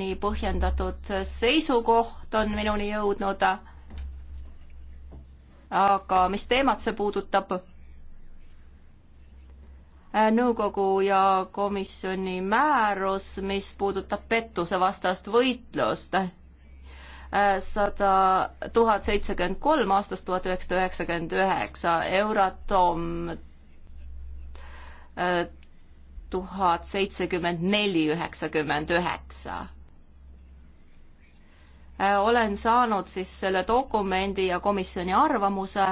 nii põhjendatud seisukoht on minuni jõudnud. aga mis teemat see puudutab? nõukogu ja komisjoni määrus, mis puudutab pettusevastast võitlust. sada, tuhat seitsekümmend kolm aastast tuhat üheksasada üheksakümmend üheksa, Euratom eh, tuhat seitsekümmend neli üheksakümmend üheksa Äh, olen saanud siis selle dokumendi ja komisjoni arvamuse.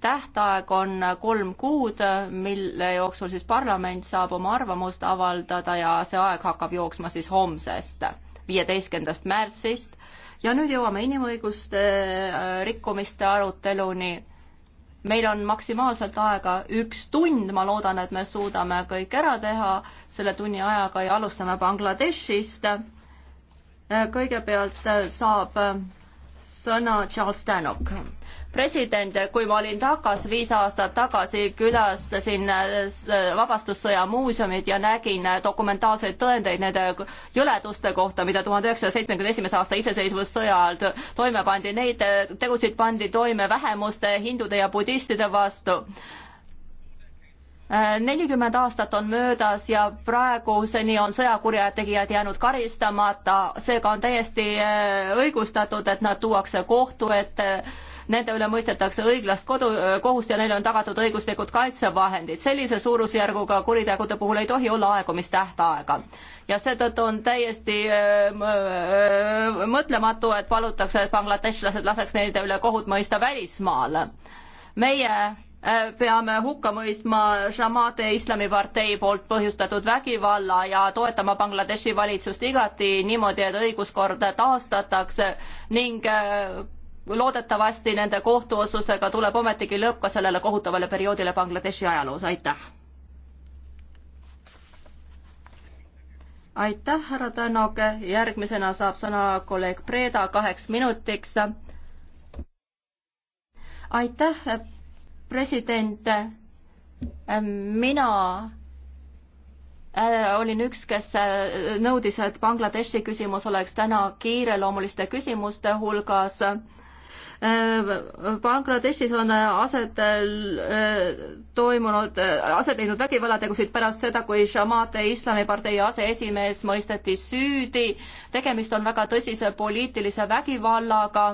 tähtaeg on kolm kuud, mille jooksul siis parlament saab oma arvamust avaldada ja see aeg hakkab jooksma siis homsest, viieteistkümnendast märtsist. ja nüüd jõuame inimõiguste äh, rikkumiste aruteluni meil on maksimaalselt aega üks tund, ma loodan, et me suudame kõik ära teha selle tunni ajaga ja alustame Bangladeshist kõigepealt äh, saab äh, sõna Charles Stanok. president, kui ma olin Dakas viis aastat tagasi, külastasin äh, Vabastussõja muuseumit ja nägin dokumentaalseid tõendeid nende jõleduste kohta, mida tuhande üheksasaja seitsmekümne esimese aasta iseseisvussõja ajal toime pandi. Neid tegusid pandi toime vähemuste, hindude ja budistide vastu nelikümmend aastat on möödas ja praeguseni on sõjakurjategijad jäänud karistamata, seega on täiesti äh, õigustatud, et nad tuuakse kohtu ette, äh, nende üle mõistetakse õiglast kodu, äh, kohust ja neile on tagatud õiguslikud kaitsevahendid. sellise suurusjärguga kuritegude puhul ei tohi olla aegumistähtaega. ja seetõttu on täiesti mõtlematu, et palutakse, et bangladeshlased laseks neile üle kohut mõista välismaal. meie Äh, peame hukka mõistma Jamaate islamipartei poolt põhjustatud vägivalla ja toetama Bangladeshi valitsust igati niimoodi, et õiguskord taastatakse ning äh, loodetavasti nende kohtuotsusega tuleb ometigi lõpp ka sellele kohutavale perioodile Bangladeshi ajaloos, aitäh. aitäh, härra Tänak, järgmisena saab sõna kolleeg Breda kaheks minutiks. aitäh president, ähm, mina äh, olin üks, kes äh, nõudis, et Bangladeshi küsimus oleks täna kiireloomuliste küsimuste hulgas. Äh, Bangladeshis on aset toimunud, aset leidnud vägivallategusid pärast seda, kui Shamaate islamipartei aseesimees mõisteti süüdi. tegemist on väga tõsise poliitilise vägivallaga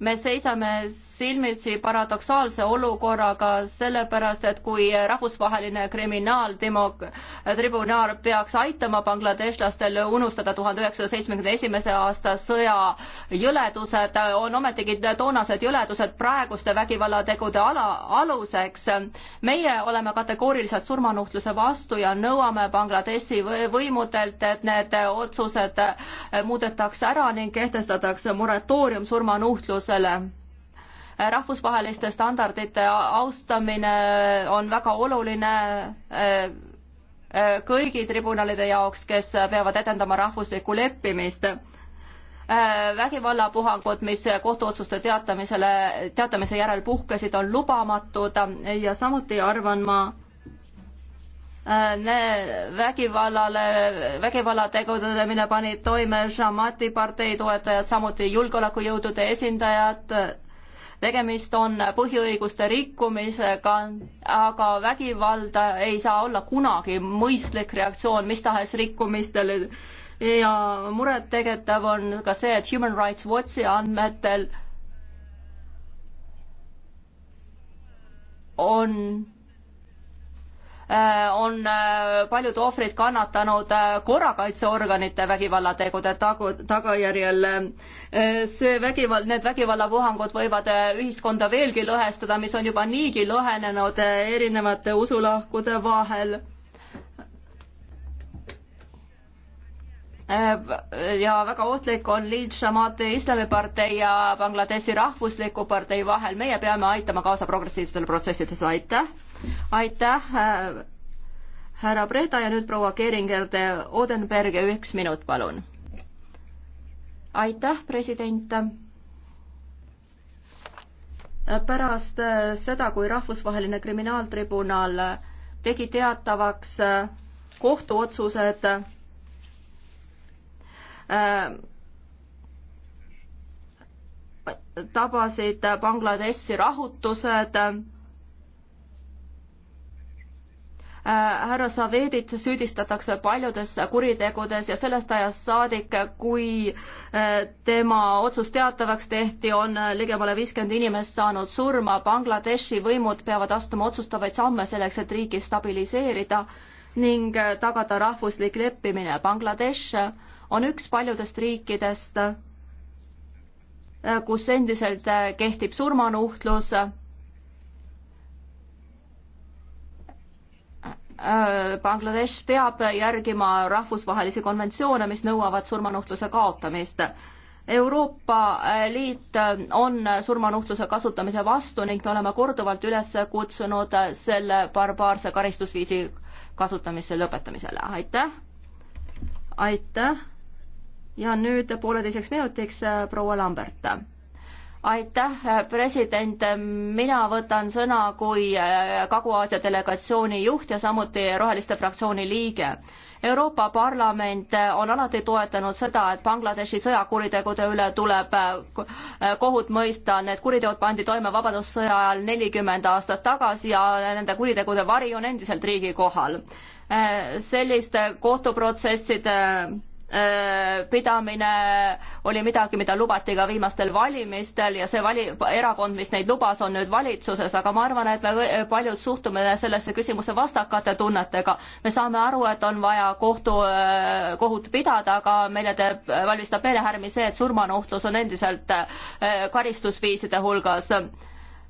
me seisame silmitsi paradoksaalse olukorraga, sellepärast et kui rahvusvaheline kriminaaltribunaal peaks aitama bangladeshlastel unustada tuhande üheksasaja seitsmekümne esimese aasta sõja jõledused, on ometigi toonased jõledused praeguste vägivallategude ala, aluseks. meie oleme kategooriliselt surmanuhtluse vastu ja nõuame Bangladeshi võimudelt, et need otsused muudetakse ära ning kehtestatakse moratoorium surmanuhtlusele õigusele rahvusvaheliste standardite austamine on väga oluline eh, eh, kõigi tribunalide jaoks, kes peavad edendama rahvuslikku leppimist. Eh, vägivallapuhangud, mis kohtuotsuste teatamisele, teatamise järel puhkesid, on lubamatud ja samuti arvan ma, Äh, vägivallale, vägivallategudele, mille panid toime Shamati partei toetajad, samuti julgeolekujõudude esindajad. tegemist on põhiõiguste rikkumisega, aga vägivald ei saa olla kunagi mõistlik reaktsioon mis tahes rikkumistele. ja murettekitav on ka see, et Human Rights Watchi andmetel on Äh, on äh, paljud ohvrid kannatanud äh, korrakaitseorganite vägivallategude tagajärjel. see vägivald, need vägivallapuhangud võivad ühiskonda veelgi lõhestada, mis on juba niigi lõhenenud erinevate usulahkude vahel Äh, ja väga ohtlik on liit Shamaati islamipartei ja Bangladeshi rahvusliku partei vahel. meie peame aitama kaasa progressiivsetele protsessidele, aitäh. aitäh, äh, härra Breda ja nüüd proua Keringer de Odenberg ja üks minut, palun. aitäh, president pärast äh, seda, kui Rahvusvaheline Kriminaaltribunal tegi teatavaks kohtuotsused Äh, tabasid Bangladeshi rahutused. Äh, härra Savedit süüdistatakse paljudes kuritegudes ja sellest ajast saadik, kui äh, tema otsus teatavaks tehti, on ligemale viiskümmend inimest saanud surma. Bangladeshi võimud peavad astuma otsustavaid samme selleks, et riiki stabiliseerida ning tagada rahvuslik leppimine. Bangladesh on üks paljudest riikidest, kus endiselt kehtib surmanuhtlus. Bangladesh peab järgima rahvusvahelisi konventsioone, mis nõuavad surmanuhtluse kaotamist Euroopa Liit on surmanuhtluse kasutamise vastu ning me oleme korduvalt üles kutsunud selle barbaarse karistusviisi kasutamise lõpetamisele. aitäh! aitäh! ja nüüd pooleteiseks minutiks äh, proua Lambert. aitäh, äh, president, mina võtan sõna kui äh, Kagu-Aasia delegatsiooni juht ja samuti Roheliste fraktsiooni liige Euroopa Parlament on alati toetanud seda, et Bangladeshi sõjakuritegude üle tuleb kohut mõista, need kuriteod pandi toime Vabadussõja ajal nelikümmend aastat tagasi ja nende kuritegude vari on endiselt riigi kohal. selliste kohtuprotsesside Äh, pidamine oli midagi, mida lubati ka viimastel valimistel ja see vali-, erakond, mis neid lubas, on nüüd valitsuses, aga ma arvan, et me paljud suhtume sellesse küsimusse vastakate tunnetega. me saame aru, et on vaja kohtu, äh, kohut pidada, aga meile teeb, valmistab meelehärmi see, et surmanuhtlus on endiselt äh, karistusviiside hulgas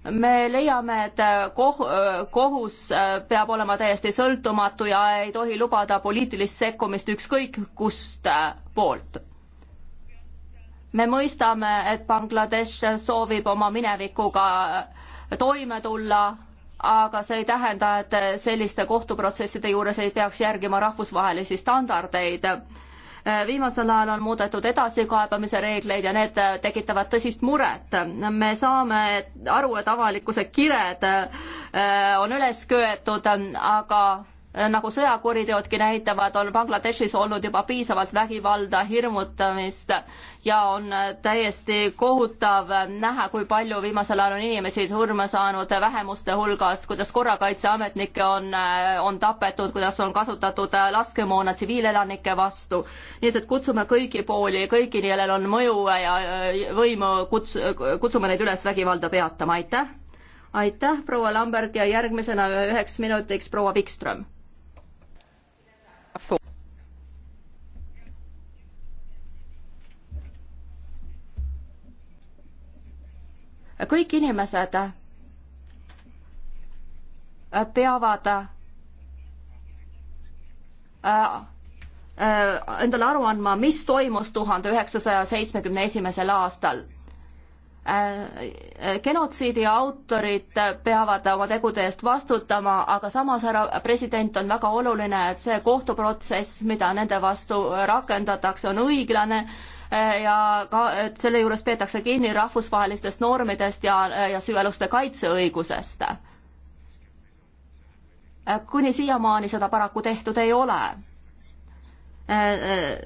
me leiame, et äh, koh-, äh, kohus äh, peab olema täiesti sõltumatu ja ei tohi lubada poliitilist sekkumist ükskõik kust poolt. me mõistame, et Bangladesh soovib oma minevikuga toime tulla, aga see ei tähenda, et selliste kohtuprotsesside juures ei peaks järgima rahvusvahelisi standardeid Äh, viimasel ajal on muudetud edasikaebamise reegleid ja need äh, tekitavad tõsist muret. me saame aru, et avalikkuse kired äh, on üles köetud, aga Äh, nagu sõjakuriteodki näitavad, on Bangladeshis olnud juba piisavalt vägivalda, hirmutamist ja on äh, täiesti kohutav äh, näha, kui palju viimasel ajal on inimesi surma saanud vähemuste hulgas, kuidas korrakaitseametnikke on, on tapetud, kuidas on kasutatud laskemoona tsiviilelanike vastu. nii et, et kutsume kõigi pooli, kõigi, kellel on mõju ja võimu, kuts-, kutsume neid üles vägivalda peatama, aitäh! aitäh, proua Lamberg ja järgmisena üheks minutiks proua Wikström kõik inimesed peavad äh, äh, endale aru andma, mis toimus tuhande üheksasaja seitsmekümne esimesel aastal Äh, äh, genotsiidi autorid peavad oma tegude eest vastutama, aga samas, härra president, on väga oluline, et see kohtuprotsess, mida nende vastu rakendatakse, on õiglane äh, ja ka, et selle juures peetakse kinni rahvusvahelistest normidest ja, ja süüeluste kaitseõigusest. kuni siiamaani seda paraku tehtud ei ole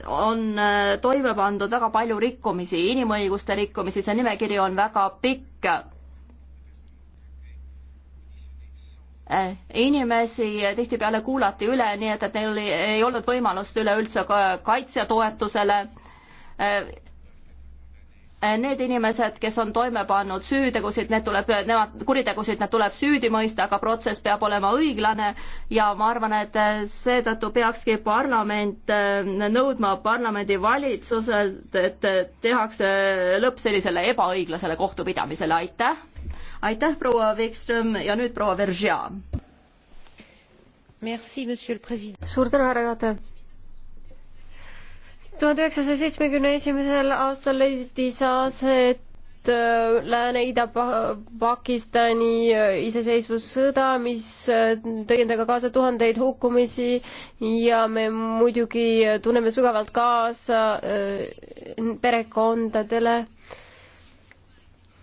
on toime pandud väga palju rikkumisi, inimõiguste rikkumisi, see nimekiri on väga pikk. inimesi tihtipeale kuulati üle, nii et, et neil oli, ei olnud võimalust üleüldse kaitsetoetusele need inimesed, kes on toime pannud süütegusid, need tuleb, nemad, kuritegusid, need tuleb süüdi mõista, aga protsess peab olema õiglane ja ma arvan, et seetõttu peakski parlament äh, nõudma parlamendi valitsuselt, et tehakse lõpp sellisele ebaõiglasele kohtupidamisele, aitäh. aitäh, proua Wikström ja nüüd proua Veržia. suur tänu, härra juhataja tuhande üheksasaja seitsmekümne esimesel aastal leidis aset äh, Lääne-Ida Pakistani äh, iseseisvussõda, mis äh, tõi endaga kaasa tuhandeid hukkumisi ja me muidugi tunneme sügavalt kaasa perekondadele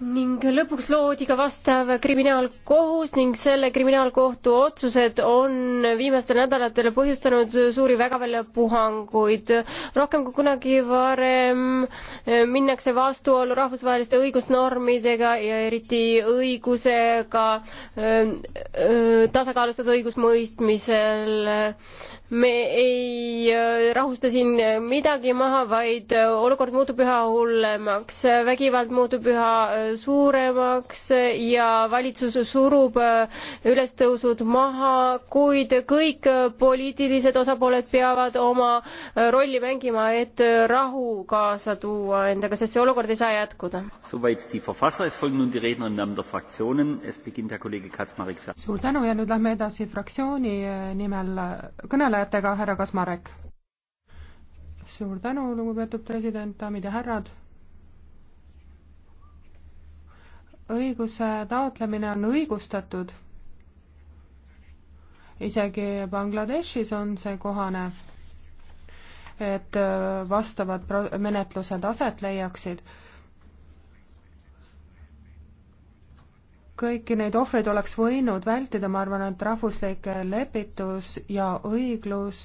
ning lõpuks loodi ka vastav kriminaalkohus ning selle kriminaalkohtu otsused on viimastel nädalatel põhjustanud suuri vägaväljapuhanguid. rohkem kui kunagi varem eh, minnakse vastuollu rahvusvaheliste õigusnormidega ja eriti õigusega eh, eh, tasakaalustatud õigusmõistmisel me ei äh, rahusta siin midagi maha, vaid äh, olukord muutub üha hullemaks, vägivald muutub üha äh, suuremaks ja valitsus surub ülestõusud maha, kuid kõik poliitilised osapooled peavad oma rolli mängima, et rahu kaasa tuua endaga, sest see olukord ei saa jätkuda. suur tänu ja nüüd lähme edasi fraktsiooni nimel kõnelejatega esindajatega, härra Kasmarek. suur tänu, lugupeetud president, daamid ja härrad. õiguse taotlemine on õigustatud. isegi Bangladeshis on see kohane, et vastavad menetlused aset leiaksid kõiki neid ohvreid oleks võinud vältida, ma arvan, et rahvuslik lepitus ja õiglus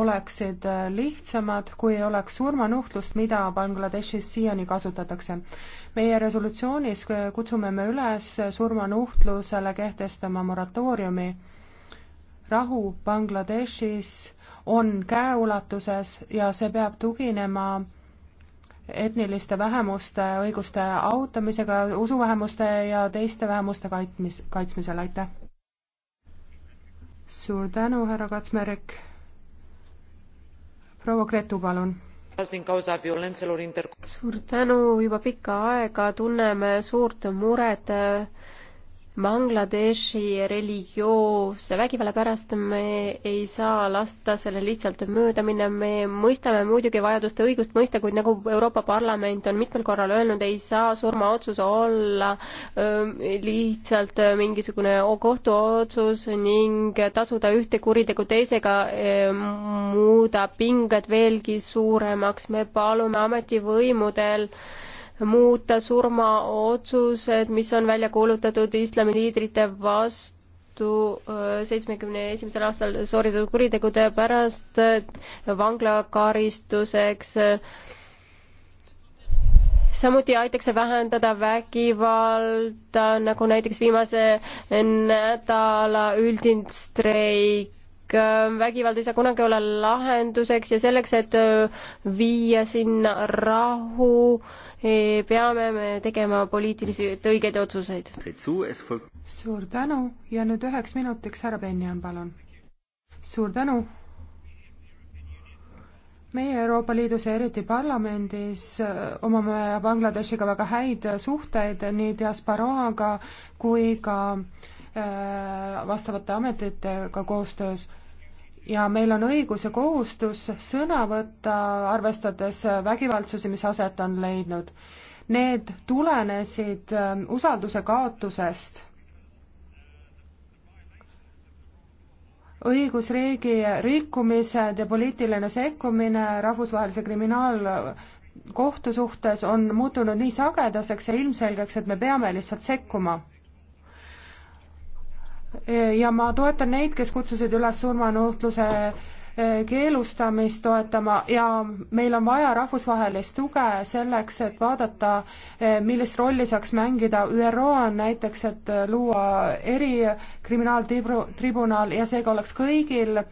oleksid lihtsamad, kui ei oleks surmanuhtlust, mida Bangladeshis siiani kasutatakse. meie resolutsioonis kutsume me üles surmanuhtlusele kehtestama moratooriumi. rahu Bangladeshis on käeulatuses ja see peab tuginema etniliste vähemuste õiguste autamisega, usuvähemuste ja teiste vähemuste kaitmis, kaitsmisel, aitäh! suur tänu, härra Katsmerik! proua Gretu, palun! suur tänu, juba pikka aega tunneme suurt muret äh, Bangladeshi religioosse vägivalla pärast me ei saa lasta selle lihtsalt mööda minna, me mõistame muidugi vajadust õigust mõista, kuid nagu Euroopa Parlament on mitmel korral öelnud, ei saa surmaotsus olla öö, ähm, lihtsalt äh, mingisugune kohtuotsus ning tasuda ühte kuritegu teisega öö, ähm, muudab pinged veelgi suuremaks, me palume ametivõimudel öö, muuta surmaotsused, mis on välja kuulutatud islami liidrite vastu äh, seitsmekümne esimesel aastal sooritatud kuritegude pärast äh, vanglakaristuseks. Äh. samuti aitaks see vähendada vägivalda, nagu näiteks viimase nädala üldine streik Äh, vägivald ei saa kunagi olla lahenduseks ja selleks, et äh, viia sinna rahu, eh, peame me tegema poliitiliselt õigeid otsuseid. suur tänu ja nüüd üheks minutiks härra Benjan, palun. suur tänu. meie Euroopa Liidus ja eriti parlamendis äh, omame Bangladeshiga väga häid suhteid nii diasporaaga kui ka vastavate ametitega koostöös ja meil on õigus ja kohustus sõna võtta, arvestades vägivaldsusi, mis aset on leidnud. Need tulenesid ähm, usalduse kaotusest. õigusriigi rikkumised ja poliitiline sekkumine rahvusvahelise kriminaalkohtu suhtes on muutunud nii sagedaseks ja ilmselgeks, et me peame lihtsalt sekkuma ja ma toetan neid, kes kutsusid üles surmanuhtluse eh, keelustamist toetama ja meil on vaja rahvusvahelist tuge selleks, et vaadata, eh, millist rolli saaks mängida ÜRO on näiteks, et luua erikriminaaltribunal ja seega oleks kõigil eh,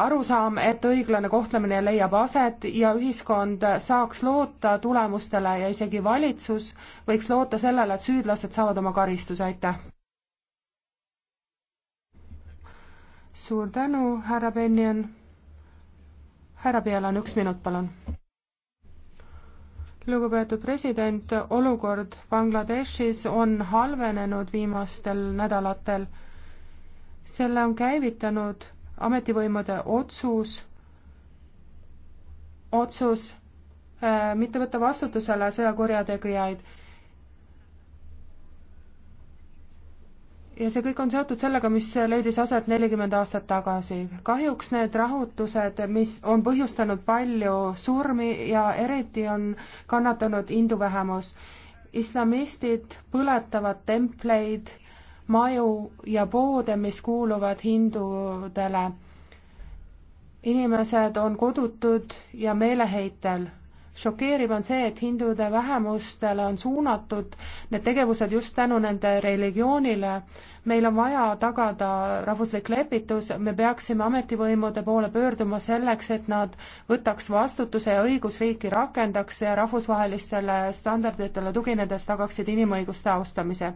arusaam, et õiglane kohtlemine leiab aset ja ühiskond saaks loota tulemustele ja isegi valitsus võiks loota sellele, et süüdlased saavad oma karistuse, aitäh! suur tänu, härra Benjan. härra Pealan, üks minut, palun. lugupeetud president, olukord Bangladeshis on halvenenud viimastel nädalatel. selle on käivitanud ametivõimude otsus, otsus äh, mitte võtta vastutusele sõjakurjategijaid ja see kõik on seotud sellega, mis leidis aset nelikümmend aastat tagasi. kahjuks need rahutused, mis on põhjustanud palju surmi ja eriti on kannatanud hinduvähemus. islamistid põletavad templeid, maju ja poode, mis kuuluvad hindudele. inimesed on kodutud ja meeleheitel šokeeriv on see, et hindude vähemustele on suunatud need tegevused just tänu nende religioonile. meil on vaja tagada rahvuslik lepitus, me peaksime ametivõimude poole pöörduma selleks, et nad võtaks vastutuse ja õigusriiki rakendaks ja rahvusvahelistele standarditele tuginedes tagaksid inimõiguste austamise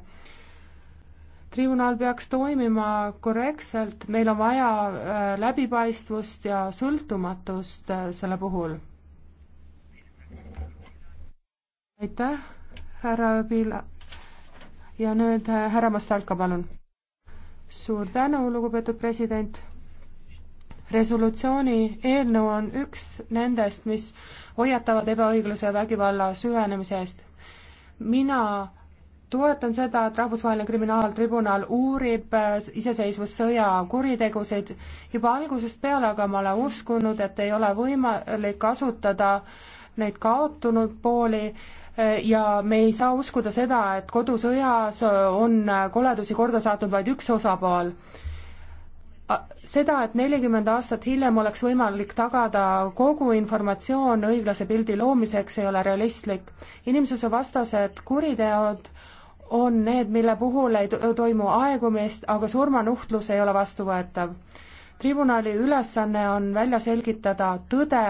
tribunal peaks toimima korrektselt, meil on vaja äh, läbipaistvust ja sõltumatust äh, selle puhul aitäh, härra Ööbil. ja nüüd äh, härra Mastalka, palun. suur tänu, lugupeetud president. resolutsiooni eelnõu on üks nendest, mis hoiatavad ebaõigluse ja vägivalla süvenemise eest. mina toetan seda, et Rahvusvaheline Kriminaaltribunal uurib äh, iseseisvussõja kuritegusid. juba algusest peale aga ma olen uskunud, et ei ole võimalik kasutada neid kaotunud pooli ja me ei saa uskuda seda, et kodusõjas on koledusi korda saatnud vaid üks osapool. seda, et nelikümmend aastat hiljem oleks võimalik tagada kogu informatsioon õiglase pildi loomiseks, ei ole realistlik. inimsuse vastased kuriteod on need, mille puhul ei toimu aegumist, aga surmanuhtlus ei ole vastuvõetav. tribunali ülesanne on välja selgitada tõde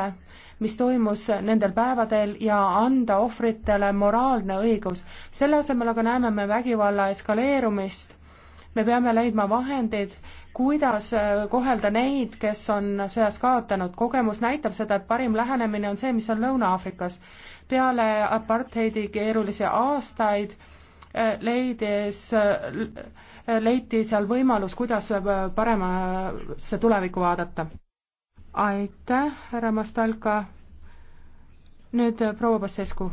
mis toimus nendel päevadel ja anda ohvritele moraalne õigus. selle asemel aga näeme me vägivalla eskaleerumist. me peame leidma vahendeid, kuidas äh, kohelda neid, kes on sõjas kaotanud. kogemus näitab seda, et parim lähenemine on see, mis on Lõuna-Aafrikas. peale apartheidi keerulisi aastaid äh, leidis, äh, leiti seal võimalus, kuidas paremasse tulevikku vaadata aitäh, härra Mastalka. nüüd äh, proua Pasescu.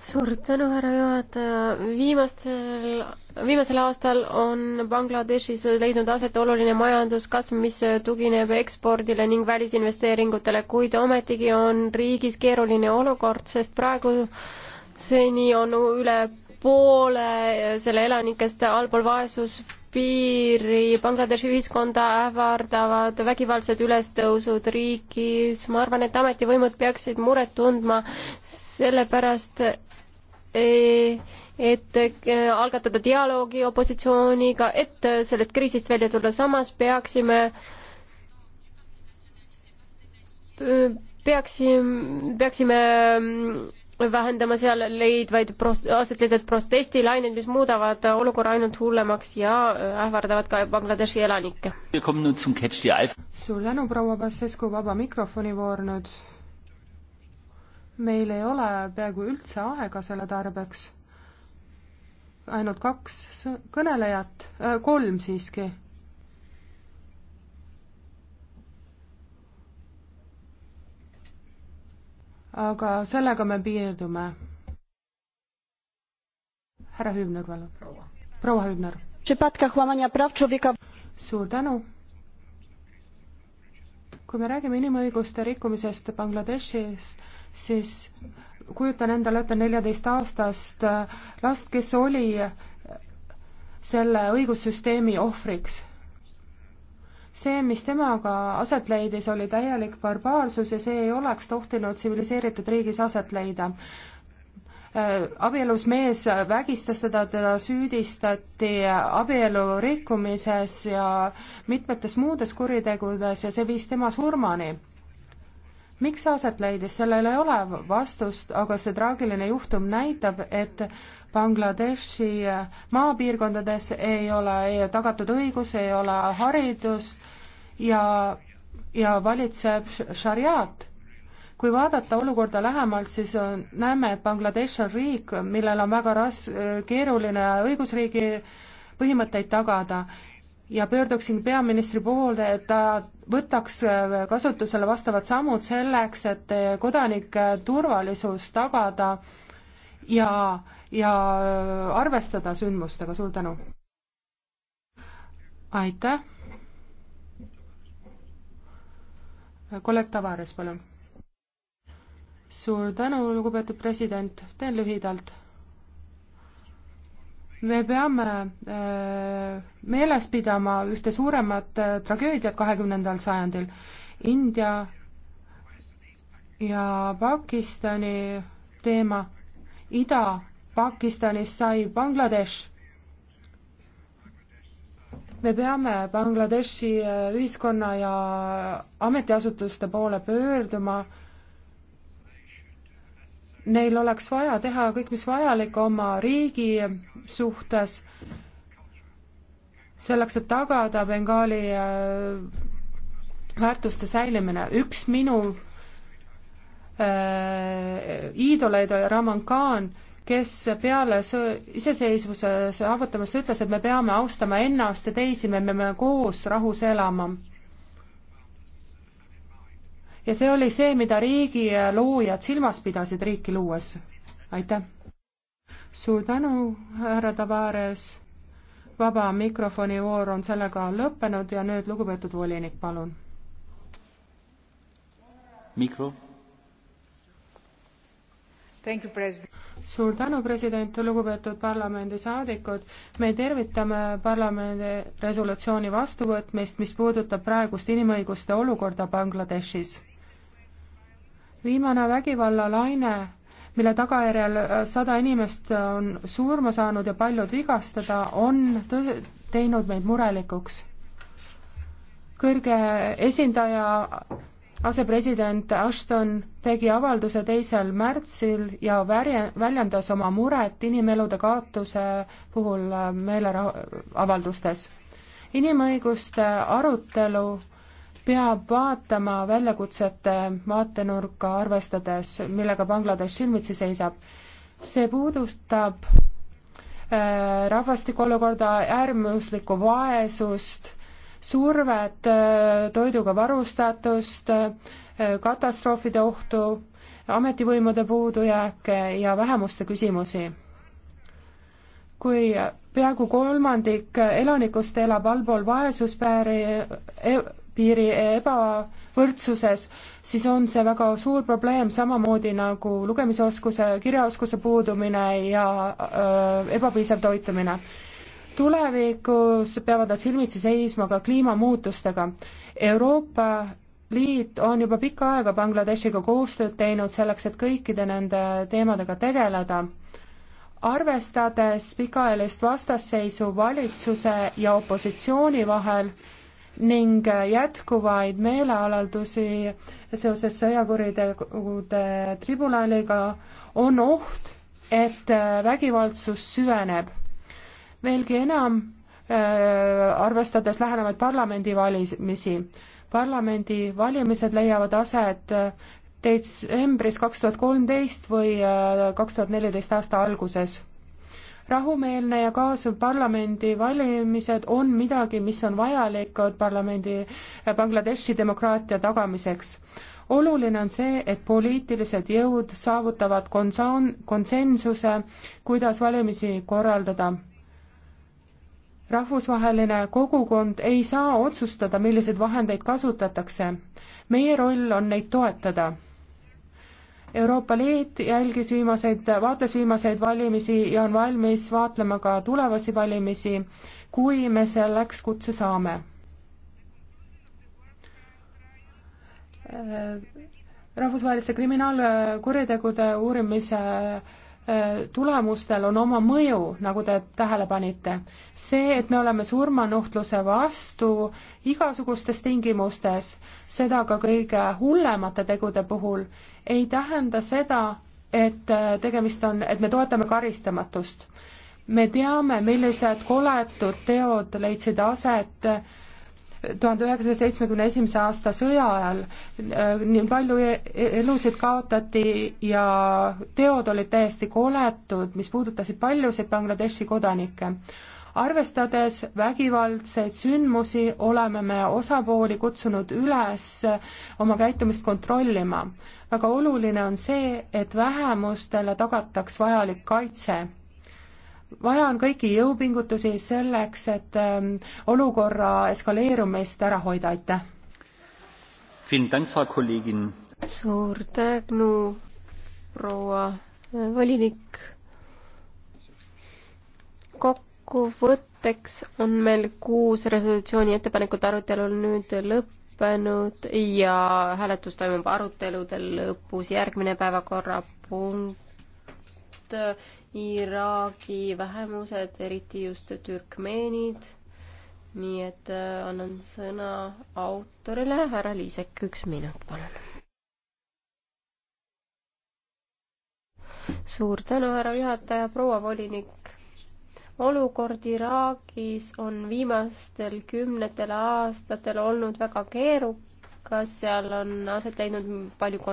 suur tänu, härra juhataja. viimastel, viimasel aastal on Bangladeshis leidnud aset oluline majanduskasv, mis tugineb ekspordile ning välisinvesteeringutele, kuid ometigi on riigis keeruline olukord, sest praegu seni on üle poole selle elanikest allpool vaesus piiri Bangladeshi ühiskonda ähvardavad vägivaldsed ülestõusud riigis. ma arvan, et ametivõimud peaksid muret tundma sellepärast, e, et e, algatada dialoogi opositsiooniga, et sellest kriisist välja tulla. samas peaksime peaksime, peaksime vähendama seal leidvaid prost-, aset leidvaid protestilained, mis muudavad olukorra ainult hullemaks ja ähvardavad ka Bangladeshi elanikke. suur tänu, proua Bassescu, vaba mikrofoni voor nüüd. meil ei ole peaaegu üldse aega selle tarbeks. ainult kaks kõnelejat äh,, kolm siiski aga sellega me piirdume. härra Hübner, palun. proua Hübner. suur tänu. kui me räägime inimõiguste rikkumisest Bangladeshis, siis kujutan endale ette neljateistaastast äh, last, kes oli äh, selle õigussüsteemi ohvriks see, mis temaga aset leidis, oli täielik barbaarsus ja see ei oleks tohtinud tsiviliseeritud riigis aset leida äh, abielus mees vägistas teda, teda süüdistati abielu rikkumises ja mitmetes muudes kuritegudes ja see viis tema surmani. miks see aset leidis, sellel ei ole vastust, aga see traagiline juhtum näitab, et Bangladeshi maapiirkondades ei ole ei tagatud õigus, ei ole haridust ja, ja valitseb šariaat. kui vaadata olukorda lähemalt, siis on, näeme, et Bangladesh on riik, millel on väga ras-, keeruline õigusriigi põhimõtteid tagada ja pöörduksin peaministri poole, et ta võtaks kasutusele vastavad sammud selleks, et kodanike turvalisus tagada ja ja äh, arvestada sündmustega, suur tänu! aitäh! kolleeg Tavares, palun! suur tänu, lugupeetud president, teen lühidalt me peame äh, meeles pidama ühte suuremat äh, tragöödiat kahekümnendal sajandil. India ja Pakistani teema, ida Pakistanist sai Bangladesh. me peame Bangladeshi äh, ühiskonna ja ametiasutuste poole pöörduma. Neil oleks vaja teha kõik, mis vajalik oma riigi suhtes, selleks, et tagada Bengaali äh, väärtuste säilimine. üks minu äh, iidoleid oli Raman Khan kes peale iseseisvuse saavutamist ütles, et me peame austama ennast ja teisi, me peame koos rahus elama. ja see oli see, mida riigi loojad silmas pidasid riiki luues. aitäh! suur tänu, härra Tavares! vaba mikrofoni voor on sellega lõppenud ja nüüd lugupeetud volinik, palun. mikro. Thank you, president suur tänu, president, lugupeetud parlamendisaadikud. me tervitame parlamendi resolutsiooni vastuvõtmist, mis puudutab praegust inimõiguste olukorda Bangladeshis. viimane vägivallalaine, mille tagajärjel sada inimest on surma saanud ja paljud vigastada, on teinud meid murelikuks. kõrge esindaja asepresident Ashton tegi avalduse teisel märtsil ja värje, väljendas oma muret inimelude kaotuse puhul äh, meeleavaldustes. inimõiguste arutelu peab vaatama väljakutsete vaatenurka arvestades, millega Bangladesh silmitsi seisab. see puudustab äh, rahvastiku olukorda, äärmuslikku vaesust survet, äh, toiduga varustatust, äh, katastroofide ohtu, ametivõimude puudujääke ja vähemuste küsimusi. kui peaaegu kolmandik elanikust elab allpool vaesuspiiri e, piiri ebavõrdsuses, siis on see väga suur probleem, samamoodi nagu lugemisoskuse, kirjaoskuse puudumine ja öö, äh, ebapiisav toitumine tulevikus peavad nad silmitsi seisma ka kliimamuutustega. Euroopa Liit on juba pikka aega Bangladeshiga koostööd teinud selleks, et kõikide nende teemadega tegeleda. arvestades pikaajalist vastasseisu valitsuse ja opositsiooni vahel ning jätkuvaid meeleavaldusi seoses sõjakuritegude tribunaliga, on oht, et vägivaldsus süveneb veelgi enam, äh, arvestades lähenevaid parlamendivalimisi. parlamendivalimised leiavad aset äh, detsembris kaks tuhat kolmteist või äh, kaks tuhat neliteist aasta alguses rahumeelne ja kaasav parlamendivalimised on midagi, mis on vajalikud parlamendi, Bangladeshi demokraatia tagamiseks. oluline on see, et poliitilised jõud saavutavad konsen-, konsensuse, kuidas valimisi korraldada rahvusvaheline kogukond ei saa otsustada, milliseid vahendeid kasutatakse. meie roll on neid toetada. Euroopa Liit jälgis viimaseid, vaatas viimaseid valimisi ja on valmis vaatlema ka tulevasi valimisi, kui me selleks kutse saame. Äh, rahvusvaheliste kriminaalkuritegude uurimise tulemustel on oma mõju, nagu te tähele panite. see, et me oleme surmanuhtluse vastu igasugustes tingimustes, seda ka kõige hullemate tegude puhul, ei tähenda seda, et tegemist on, et me toetame karistamatust. me teame, millised koletud teod leidsid aset tuhande üheksasaja seitsmekümne esimese aasta sõja ajal äh, nii palju e-, e-, elusid kaotati ja teod olid täiesti koletud, mis puudutasid paljusid Bangladeshi kodanikke. arvestades vägivaldseid sündmusi, oleme me osapooli kutsunud üles oma käitumist kontrollima. väga oluline on see, et vähemustele tagataks vajalik kaitse vaja on kõiki jõupingutusi selleks, et ähm, olukorra eskaleerumist ära hoida, aitäh! suur tänu, proua äh, volinik! kokkuvõtteks on meil kuus resolutsiooni ettepanekut arutelul nüüd lõppenud ja hääletus toimub arutelude lõpus, järgmine päevakorrapunkt Iraagi vähemused, eriti just türkmeenid. nii et äh, annan sõna autorile, härra Liisek, üks minut, palun. suur tänu, härra juhataja, proua volinik olukord Iraagis on viimastel kümnetel aastatel olnud väga keerukas, seal on aset leidnud palju kon-,